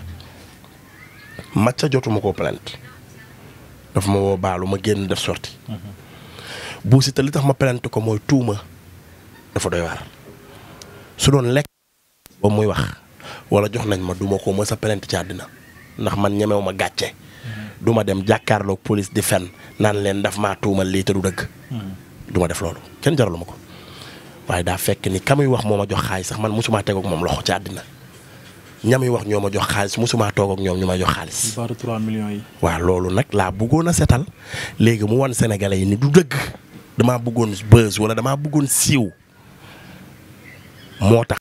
Macha jotuma ko plainte daf ma woo baalu ma génn def sorti mhm. bu li tax ma plainte ko mooy tuuma dafa doy waar su doon lekk ba muy wax walla jox nañ ma duma ko mës sa plainte ci àddina ndax man ñemewu ma gàcce. Mhm. du ma dem jàkkaarloog police di fen naan leen daf maa tuumal lii te du dëgg. du ma def loolu kenn jaralu ma ko. waaye daa fekk ni ka muy wax moo ma jox xaalis sax man mosumaa teg ak moom loxo ci àddina ñamuy wax ñoo ma jox xaalis mosumaa toog ak ñoom ñu ma jox xaalis. baaru 3 millions yi. waaw loolu nag laa bëggoon a setal léegi mu wan sénégalais yi ni du dëgg damaa bëggoon buzz wala damaa bëggoon siiw moo tax.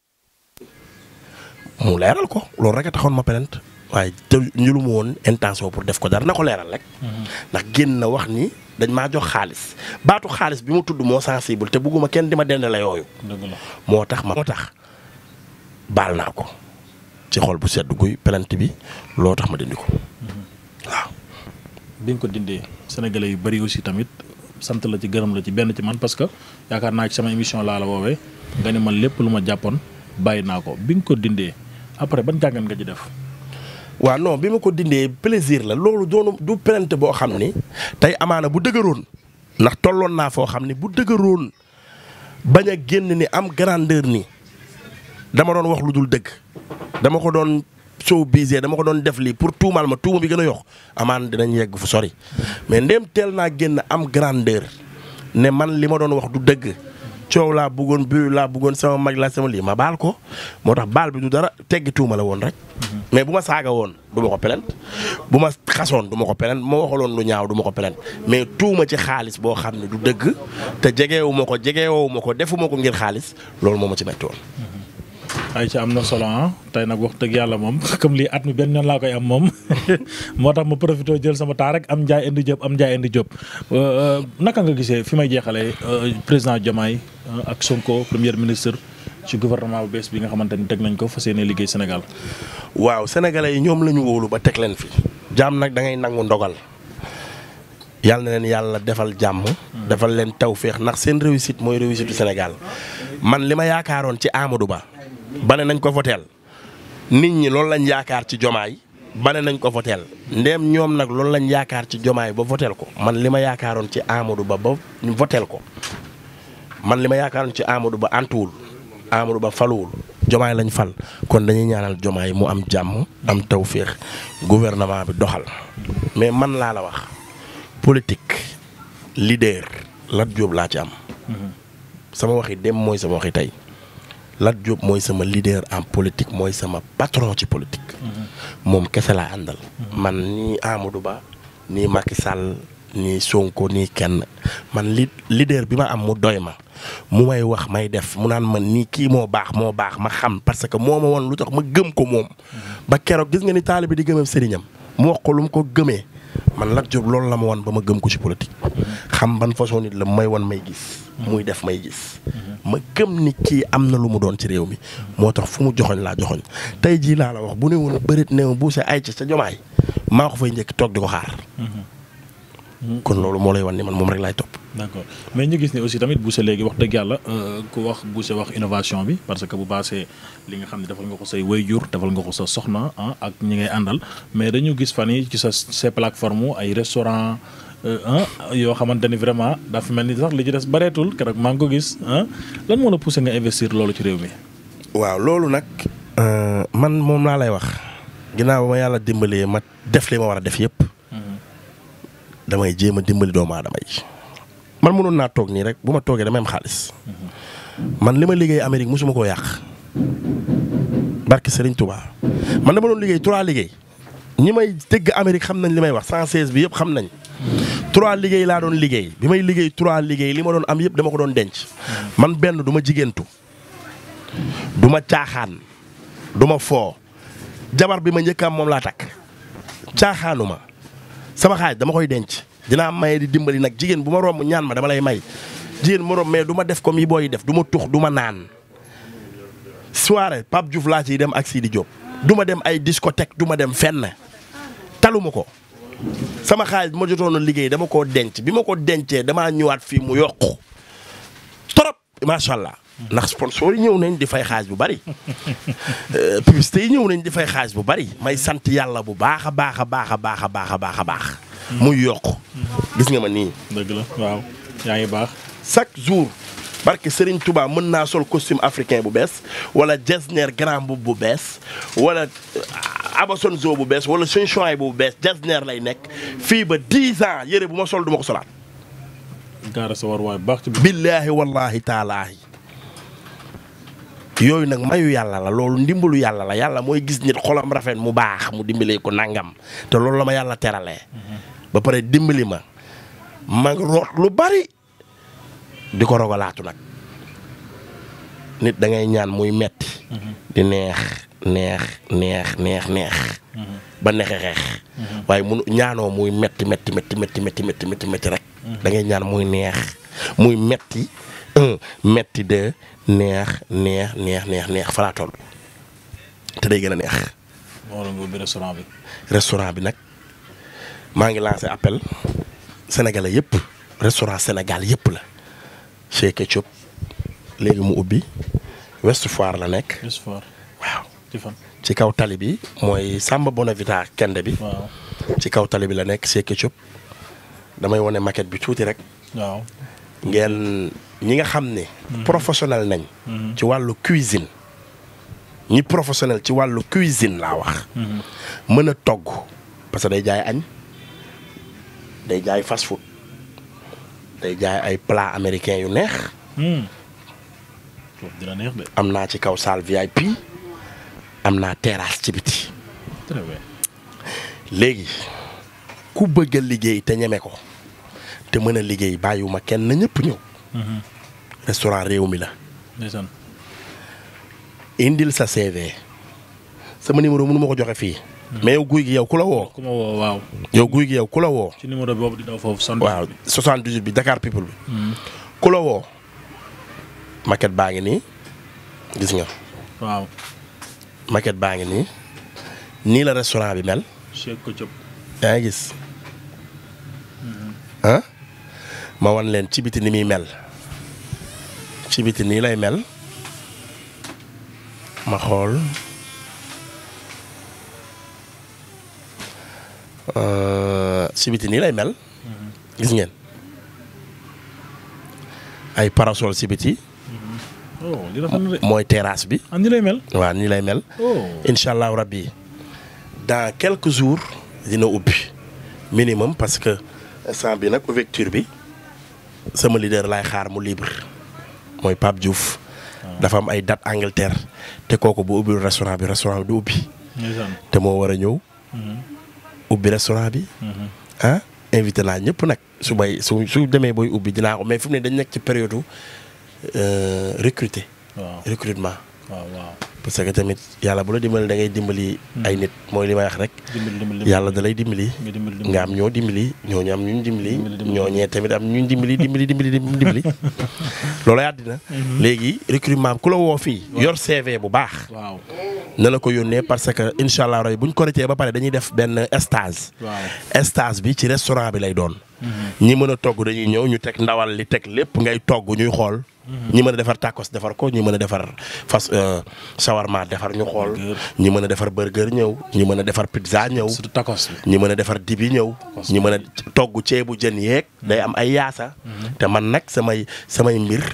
mu leeral ko loolu rek a taxoon ma pelent waaye te ñu lu woon intention pour def ko dara na ko leeral rek. Mm-hmm. ndax génn wax ni. dañ maa jox xaalis baatu xaalis bi mu tudd moo saa sensible te bëgguma kenn di ma dend la yooyu. moo tax ma moo tax baal naa ko ci xol bu sedd guy plainte bi loo tax ma dindi ko mm-hmm. waaw. bi nga ko dindee sénégalais yu bari aussi tamit sant la ci gërëm la ci benn ci man parce que yaakaar naa ci sama émission laa la woowee nga ne man lépp lu ma jàppoon bàyyi naa ko bi nga ko dindee après ban jàngat nga ji def. waa non bi ma ko dindee plésir la loolu doonu du plainte boo xam ni tey amaana bu dëgëroon ndax tolloon naa foo xam ni bu dëgëroon bañ a génn ni am grandeur ni dama doon wax lu dul dëgg dama ko doon soo bisee dama ko doon def lii pour tuumaal ma tuuma bi gën a yox amaan dinañ yegg fu sori mais ndem teel naa génn am grandeur ne man li ma doon wax du dëgg coow laa bëggoon biru laa bëggoon sama mag laa sama lii ma baal ko moo tax baal bi du dara teggi tuuma la woon rek. Mhm. mais bu ma saaga woon du ma ko pelent bu ma xasoon du ma ko pelent waxaloon lu ñaaw du ma ko pelent mais tuuma ci xaalis boo xam ne du dëgg te jegeewu ma ko jegeewu ko defuma ko ngir xaalis loolu moom ma ci métti woon mhm. ay ci am na solo ah tey nag wax dëgg yàlla moom comme lii at mi benn yoon laa koy am moom moo tax ma profité jël sama temps rek am njaay indi Diop am njaay indi Diop euh, euh, naka nga gisee fi may jeexalee euh, président Diomaye ak Sonko premier ministre ci gouvernement bu bees bi nga xamante ni teg nañ ko fa yéene liggéey Sénégal. waaw sénégalais yi ñoom la ñu wóolu ba teg leen fi. jaam nag dangay ngay nangu ndogal. yàlla na leen yàlla defal jàmm. defal leen tawféex ndax seen réusite mooy réussite du Sénégal man li ma yaakaaroon ci Amadou Ba. bale nañ ko voteel nit ñi loolu lañ yaakaar ci jomaay ba ne nañ ko voteel ndéem ñoom nag loolu lañ yaakaar ci jomaay ba voteel ko man li ma yaakaaroon ci Amadou Ba ba voteel ko man li ma yaakaaroon ci Amadou Ba antuwul Amadou Ba faluwul jomaay lañ fal kon dañuy ñaanal jomaay mu am jàmm am tawféex gouvernement bi doxal mais man laa la wax politique leader Lat Diop laa ci am. Mhm. sama waxi dem mooy sama waxi tey. Lat Diop mooy sama leader en politique mooy sama patron ci politique. moom kese laa àndal. man nii Amadou Ba nii Macky Sall nii Sonko nii kenn man li leader bi ma am mu doy ma mu may wax may def mu naan man nii kii moo baax moo baax ma xam parce que moo ma won lu tax ma gëm ko moom. ba keroog gis nga ni taalibe di gëmam sëriñam mu wax ko lu mu ko gëmee. man Lat Diop loolu la ma wan ba ma gëm ko ci politique xam ban façon nit la may wan may gis muy def may gis ma gëm nit kii am na lu mu doon ci réew mi moo tax fu mu joxoñ laa joxoñ tey jii laa la wax bu ne woon bërit ne bu sa ay ci sa jomaay maa ko fay njëkk toog di ko xaar kon loolu moo lay wan ni man moom rek laay topp. d'accord mais ñu gis ni aussi tamit Boucher léegi wax dëgg yàlla euh, ku wax Boucher wax innovation bi parce que bu baasee li nga xam ne defal nga ko say wayjur defal nga ko sa soxna ah ak ñi ngay àndal mais dañu gis fan yi ci sa ces plateformes ay restaurant euh, ah, yoo xamante ni vraiment daa mel ni sax li ci des bareetul keroog maa ngi ko gis ah. lan moo la poussé nga investir loolu ci réew mi. waaw loolu nag euh, man moom laa lay wax. ginnaaw ma yàlla dimbalee ma def li ma war a def yëpp. damay jéem a dimbali doomu aadama yi man mënoon naa toog nii rek bu ma toogee damay am xaalis man li ma liggéey Amérique mosuma koo yàq barki Serigne Touba man dama doon liggéey trois liggéey ñi may tëgg amerique xam nañ li may wax 116 bi yëpp xam nañ trois liggéey laa doon liggéey bi may liggéey trois liggéey li ma doon am yëpp dama ko doon denc man benn du ma jigéentu duma caaxaan du ma foo jabar bi ma njëkk am moom laa takk caaxaanu ma sama xaaj dama koy denc dinaa maye di dimbali nag jigéen bu ma romb ñaan ma dama lay may jigéen morom mais du ma def comme yi booy def du ma tux du ma naan soirée Pape Diouf laa dem ak Sidi di du duma dem ay discothèque du ma dem fenn taluma ko sama xaalis bi ma jotoon liggéey dama koo denc bi ma ko dencee damaa ñëwaat fii mu yokku trop macha ndax sponsor yi ñëw nañ di fay xaalis bu bari euh, publicité yi ñëw nañ di fay xaalis bu bari may sant yàlla bu baax a baax a baax a baax a baax a baax a baax hmm. muy yokk gis nga ma nii dëgg waaw yaa ngi baax chaque jour barke sëriñ Touba mën naa sol costume africain bu bees wala Getzner grand boub bu bees wala euh, Abason Zo bu bees wala Sunshine bu bees Getzner lay nekk fii ba 10 ans yëre bu ma sol du ma ko solaat. gaara sa war waay baax ci billaahi wallaahi taalaahi yooyu nag mayu yàlla la loolu ndimbalu yàlla la yàlla mooy gis nit xolam rafet mu baax mu dimbalee ko nangam te loolu la ma yàlla teralee. Mm-hmm. ba pare dimbali ma ma root lu bari di ko rogalaatu nag nit dangay ñaan muy metti mm-hmm. di neex neex neex neex neex. Mm-hmm. ba neexee xeex. waaye munu ñaanoo muy metti metti metti metti metti metti metti metti rek. da ngay ñaan muy neex muy metti metti deux neex neex neex neex neex falaa toll te day gën a neex. moom restaurant bi. restaurant bi nag maa ngi lancé appel sénégalais yëpp restaurant Sénégal yëpp la Chez Ketchup léegi mu ubbi Ouest Foire la nekk. Ouest Foire ci kaw tali bi mooy Samba Bonavita kende bi. ci kaw tali bi la nekk Chez Ketchup damay wane maquette bi tuuti rek. ngeen. ñi nga xam ne. professionnel nañ. ci wàllu cuisine ñi professionnel ci wàllu cuisine laa wax. mën a togg parce que day jaay añ day jaay fast food day jaay ay plat américain yu neex. Hmm. am naa ci kaw salle VIP am naa terrasse ci biti. léegi ku bëgg liggéey te ñeme ko te mën a liggéey bàyyiwuma kenn na ñëpp ñëw. restaurant réew mi la. indil sa CV. sama numéro mënu ma ko joxe fii. Hmm. mais yow guy gi yow ku la woo. ku guy gi yow ku la woo. ci numéro boobu di daw foofu. bi Dakar people bi. Hmm. ku la woo. maquette baa ngi nii gis nga. waaw. baa ngi nii. nii la restaurant bi mel. Cheikh gis. Hmm. ma wan leen ci biti ni muy mel ci biti nii lay mel ma xool euh, ci biti nii lay mel gis ngeen ay parasol ci biti mm-hmm. oh, mooy terrasse bi ah, ni mel waaw nii lay mel oh. incha rab rabbi dans quelque jours dina ubbi minimum parce que instant euh, bi nag ouverture bi sama leader laay xaar mu libre mooy Pape Diouf. dafa am ay date Angleterre te kooku bu ubbi restaurant bi restaurant bi du ubbi. te moo war a ñëw. Mm-hmm. ubbi restaurant bi. Mm-hmm. ah invité naa ñëpp nag su bay su su demee booy ubbi dinaa ko mais fi mu ne dañ nekk ci période euh, recruter. recrutement. waaw waaw parce que tamit yàlla bu la dimbali da ngay dimbali. Hmm. ay nit mooy li may rek. yàlla da lay dimbali. nga am ñoo dimbali ñooñu am ñuñ dimbali. ñooñee tamit am ñu dimbali dimbali dimbali dimbali. loolu àddina. Hmm. léegi recrutement ku la woo fii. yor CV bu baax. waaw na la ko yónnee parce que incha allah roy buñ ñu korité ba pare dañuy def benn stage. waaw stage bi ci restaurant bi lay doon. Hmm. ñi mën a togg dañuy ñëw ñu teg ndawal li teg lépp ngay togg ñuy xool. ñi mën a defar tacos defar ko ñi mën a defar fas euh, shawarma defar ñu xool. ñi mën a defar burger ñëw. ñi mën a defar pizza ñëw. surtout tacos ñi mën a defar dibi ñëw. ñi mën a togg ceebu jën yeeg. day am ay yaasa. Mhm. te man nag samay samay mbir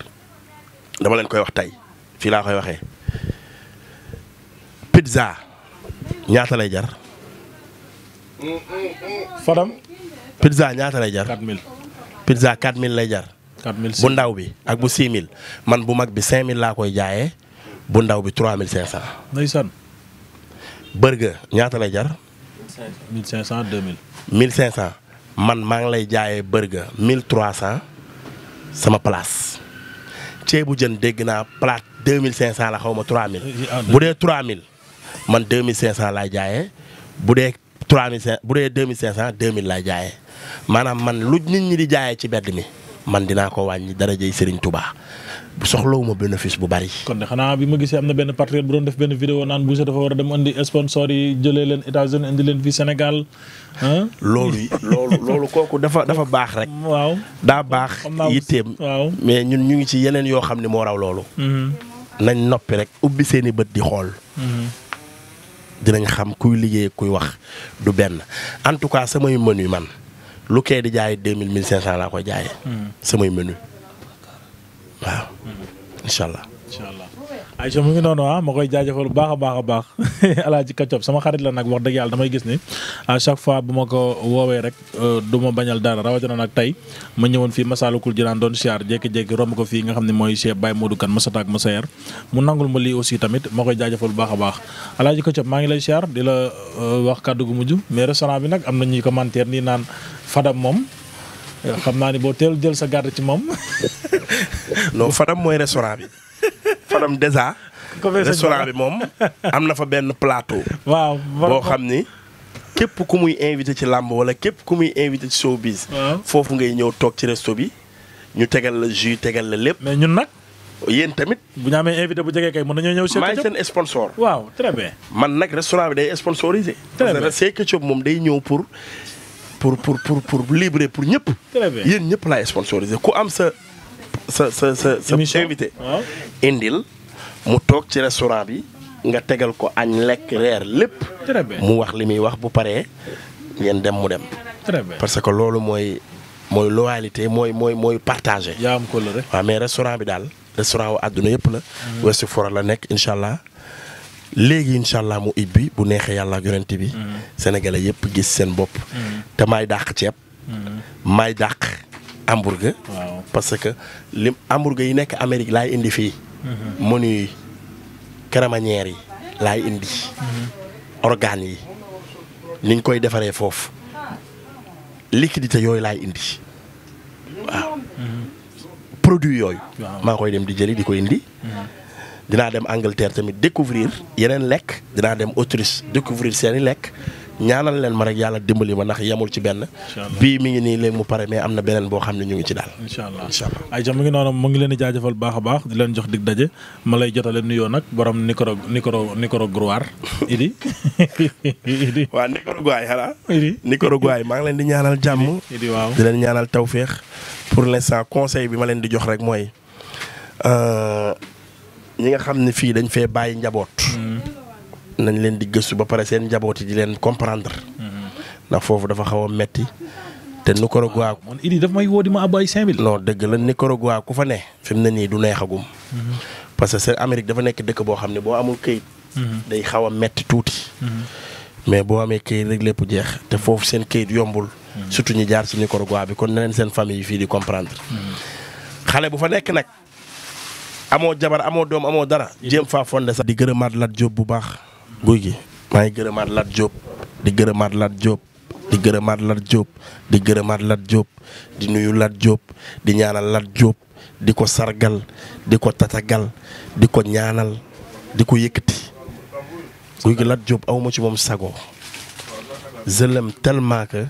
dama leen koy wax tey fii laa koy waxee. pizza ñaata lay jar. Fadam. pizza ñaata lay jar. 4000. pizza 4000 lay jar. bu ndaw bi ak bu 6000 man bu mag bi 5000 laa koy jaayee bu ndaw bi 3500. ndeysaan. burger ñaata lay jar. 1500 2000. 1500 man maa ngi lay jaayee burger 1300 sama place ceebu jën dégg naa plate 2500 la xaw ma 3000. bu dee 3000 man 2500 laay jaayee bu dee 3500 bu dee 2500 2000 laay jaayee maanaam man lu nit ñi di jaayee ci bedd mi. man dinaa ko wàññi dara darajay Serigne Touba soxlawuma bénéfice bu bari. kon de xanaa bi ma gisee am na benn patriote bu doon def benn vidéo naan Boucher dafa war a dem andi sponsor yi jëlee leen États-Unis indi leen fii Sénégal. loolu loolu loolu kooku dafa dafa baax rek. waaw daa baax. yitteem waaw mais ñun ñu ngi ci yeneen yoo xam ne moo raw loolu. Mm-hmm. nañ noppi rek ubbi seeni bët di xool. Mm-hmm. dinañ xam kuy liggéey kuy wax du benn en tout cas samay mën yu man. lu kay di jaay deux mille mille cinq cent laa koy jaayee. Hmm. samay menu waaw. Hmm. incha allah. Aïcha mu ngi noonu ah ma koy jaajëfal bu baax a baax a baax alaaji Kacob sama xarit la nag wax dëgg yàlla damay gis ni à chaque fois bu ma ko woowee rek euh, du ma bañal dara na nag tey ma ñëwoon fii ji Jinaan doon siyaar jékki-jékki romb ko fii nga xam ne mooy Cheikh Baye Modou Kane Masata ak Masayer mu nangul ma lii aussi tamit ma koy jaajëfal bu baax a baax alaaji maa ngi lay siyaar di la euh, wax kàddu gu mujj mais restaurant bi nag am na ñuy commentaire nii naan Fadam moom xam naa ni boo teel jël sa garde ci moom. non Fadam mooy restaurant bi. Fadam déjà. restaurant bi moom am na fa benn plateau. waaw boo xam ni. képp ku muy invité ci làmb wala képp ku muy invité ci showbiz. foofu ngay ñëw toog ci resto bi ñu tegal la jus tegal la lépp. mais ñun nag. yéen tamit. bu ñu amee invité bu jege kay mën nañoo ñëw. Cheikh Ketchup maay sponsor. waaw man nag restaurant bi day sponsorisé. très bien parce que Cheikh moom day ñëw pour pour pour pour pour libérer pour ñëpp. ñëpp laay sponsorisé ku am sa. sa sa sa sa invité indil mu toog ci restaurant bi nga tegal ko añ lekk reer lépp mu wax li muy wax bu paree ngeen dem mu dem parce que loolu mooy mooy loyalité mooy mooy mooy partagé yaa am ko mais restaurant bi daal restaurant wu àdduna yëpp la Ouest mm. Foire la nekk incha allah léegi incha allah mu ibbi bu neexee yàlla ak yonent bi mm. sénégalais yëpp gis seen bopp mm. te maay dàq ceeb maay dàq hamburger waaw parce que li hamburger yi nekk amerique laay indi fii. Mhm. menu yi crémañère yi laay indi. Mhm. organes yi niñ koy defaree foofu liquidité yooyu laay indi waaw. Mhm. produit yooyu. maa koy dem di jëli di ko indi. dinaa dem Angleterre tamit découvrir yeneen lekk. dinaa dem Autriche découvrir seeni lekk. ñaanal leen ma rek yàlla dimbali ma ndax yemul ci benn. bii mi ngi nii léegi mu pare mais am na beneen boo xam ne ñu ngi ci daal. incha allah incha allah ay jàmm mi ngi noonu mu a baax leen jox dig daje ma lay jotale nuyoo nag borom Nicoro Nicoro Nicoro Grouard Idi. Idi waaw Nicoro Grouard xanaa. Idi maa ngi leen di ñaanal jàmm. Idi waaw di leen ñaanal tawféex. pour l'instant conseil bi ma leen di jox rek mooy euh, ñi nga xam ne fii dañ fee bàyyi njaboot. Mm. nañ leen di gëstu ba pare seen njabooti di leen comprendre. ndax foofu dafa xaw metti te Nicaragua. man Idi daf woo di ma ab ay 5000. dëgg la Nicaragua ku fa ne. fi ne nii du neexagum. Mhm. parce que Amérique dafa nekk dëkk boo xam ne boo amul këyit. Mhm. day xaw a metti tuuti. Mhm. mais boo amee këyit rek lépp jeex te foofu seen këyit yombul. surtout ñu jaar si Nicaragua bi kon na leen seen famille fii di comprendre. xale bu fa nekk nag. amoo jabar amoo doom amoo dara. jéem faa fonde sax di gërëmaat Lat jóob bu baax. guy gi maa ngi gërëmaat Lat Diop di gërëmaat Lat jóob di gërëmaat Lat jóob di gërëmaat Lat Diop di nuyu Lat jóob di ñaanal Lat jóob di ko sargal di ko tatagal di ko ñaanal di ko yëkkati guy gi Lat Diop awma ci moom sago je l'aime tellement que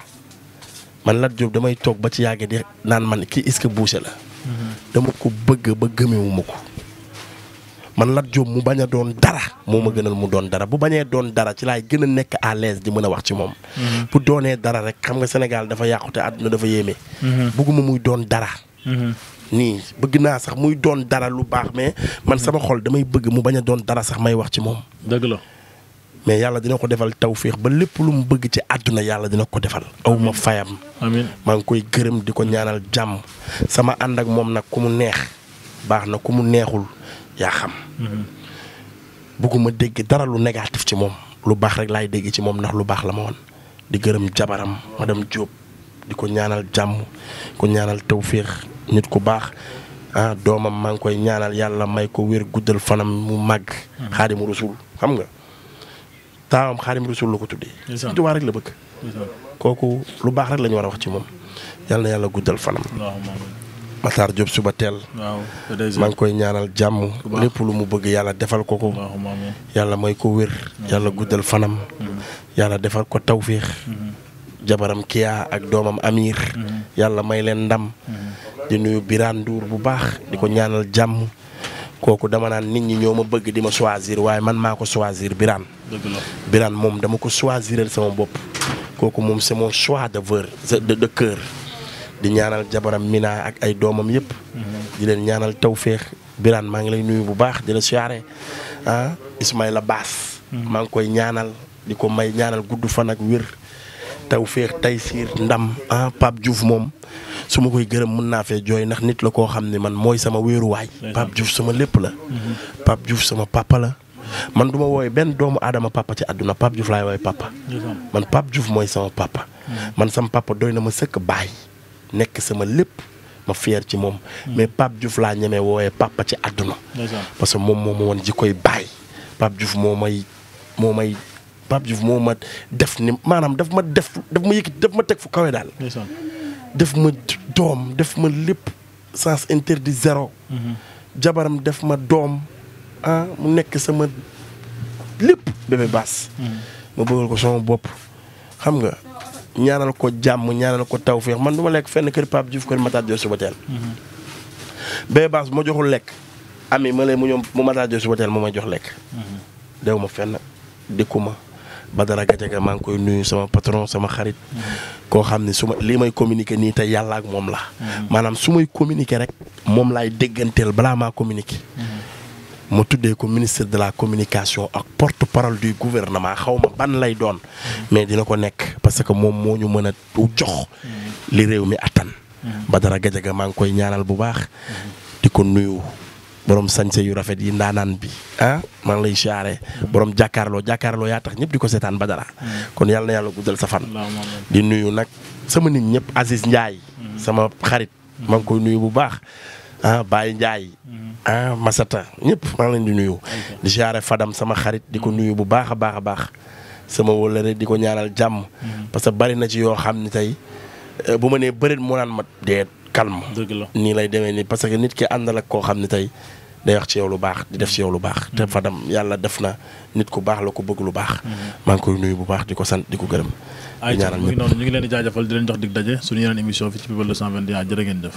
man Lat jóob damay toog ba ci yàgg di naan man kii est-ce que Boucher la mm-hmm. dama ko bëgg ba gëmewuma ko man Lat Diop mu bañ a doon dara moo ma gënal mu doon dara bu bañee doon dara ci laay gën a nekk à l'aise di mën a wax ci moom. Mhm. bu doonee dara rek xam nga Sénégal dafa yàqute àdduna dafa yéeme. Mhm. bëgguma muy doon dara. Mhm. nii bëgg naa sax muy doon dara lu baax mais man sama xol damay bëgg mu bañ a doon dara sax may wax ci moom. dëgg la. mais yàlla dina ko defal tawféex ba lépp lu mu bëgg ci àdduna yàlla dina ko defal. awma ma fayam. amiin maa ngi koy gërëm di ko ñaanal jàmm. sama ànd ak moom nag ku mu neex baax na ku mu neexul yaa xam. bugguma dégg dara lu négatif ci moom lu baax rek laay dégg ci moom ndax lu baax la ma woon di gërëm jabaram madame Diop di ko ñaanal jàmm ko ñaanal tawféex nit ku baax ah doomam maa ngi koy ñaanal yàlla may ko wér guddal fanam mu màgg. Hmm. xaadimu rasul xam nga taawam xaadimu rasul la ko tuddee. incha allah rek la bëgg. kooku lu baax rek la war a wax ci moom yàlla na yàlla guddal fanam. Matar Diop suba teel. waaw maa ngi koy ñaanal jàmm. lépp lu mu bëgg yàlla defal ko ko. yàlla may ko wér. yàlla guddal fanam. yàlla defal ko tawféex. jabaram Kia ak doomam Amir. yàlla may leen ndam. di nuyu Birane Ndour bu baax di ko ñaanal jàmm. kooku dama naan nit ñi ñoo ma bëgg di ma choisir waaye man maa ko choisir Birane. moom dama ko choisiral sama bopp. kooku moom c'est mon choix de cœur de de di ñaanal jabaram Mina ak ay doomam yëpp. Mhm. di leen ñaanal tawféex Birane maa ngi lay nuyu bu baax di la siyaare ah la Baas. Mhm. maa ngi koy ñaanal di ko may ñaanal gudd fan ak wér. tawféex taysiir ndam ah Pape Diouf moom su ma koy gërëm mën naa fee jooy ndax nit la koo xam ne man mooy sama wéeruwaay. Pape Diouf sama lépp la. Mhm. Pape Diouf sama papa la. man du ma wooye benn doomu aadama papa ci àdduna Pape Diouf laay wooye papa. man Pape Diouf mooy sama papa. man sama papa doy na ma sëkk baay. nekk sama lépp ma fier ci moom. Hmm. mais Pape Diouf laa ñemee wooyee papa ci àdduna. parce que moom moo ma woon ji koy bàyyi. Pape Diouf moo may moo may Pape Diouf moo ma def ni maanaam daf ma def daf ma yëkkati daf ma teg fu kawee daal. def ma doom def ma lépp sens interdit zéro. Hmm. jabaram def ma doom ah mu nekk sama lépp bébé baas. Hmm. ma bëggal ko sama bopp xam nga. ñaanal ko jàmm ñaanal ko tawféex man du ma lekk fenn kër Pape Diouf kër Matar Diop Subatel. Mhm. bee baas ma joxul lekk ami ma lay mu ñoom mu Matar Diop Subatel moo may jox lekk. Mhm. dew ma fenn dikku ma Badara Gajaga maa ngi koy nuyu sama patron sama xarit. Mhm. koo xam ne su ma li may communiquer nii te yàlla ak moom la. maanaam su may communiquer rek moom laay dégganteel balaa maa communiquer. ma tuddee ko ministre de la communication ak porte-parole du gouvernement xaw ma ban lay doon mais dina ko nekk parce que moom moo ñu mën a jox li réew mi attan ba Badara Gajaga maa ngi koy ñaanal bu baax di ko nuyu borom sañse yu rafet yi ndaanaan bi ah maa ngi lay siyaare borom jàkkaarloo jàkkaarloo yaa tax ñëpp di ko seetaan Badara kon yàlla na yàlla guddal sa fan di nuyu nag sama nit ñëpp Aziz Ndiaye sama xarit maa ngi koy nuyu bu baax ah Baye ah Masata ñëpp maa ngi leen di nuyu. di jaare Fadam sama xarit di ko mm. nuyu bu baax a baax a baax sama wóllare di ko ñaanal jàmm. Mm. parce que bari na ci yoo xam ne tey eh, bu ma nee bëreet mu naan ma dee calme. la nii lay demee nii parce que nit ki àndal ak koo xam ne tey. day wax ci yow lu baax di def ci yow lu baax. te mm. Fadam yàlla def na nit ku baax la ko bëgg lu baax. maa ngi koy nuyu bu baax di ko sant di ko gërëm. di ñaanal ñu ñu ngi leen di jaajëfal di leen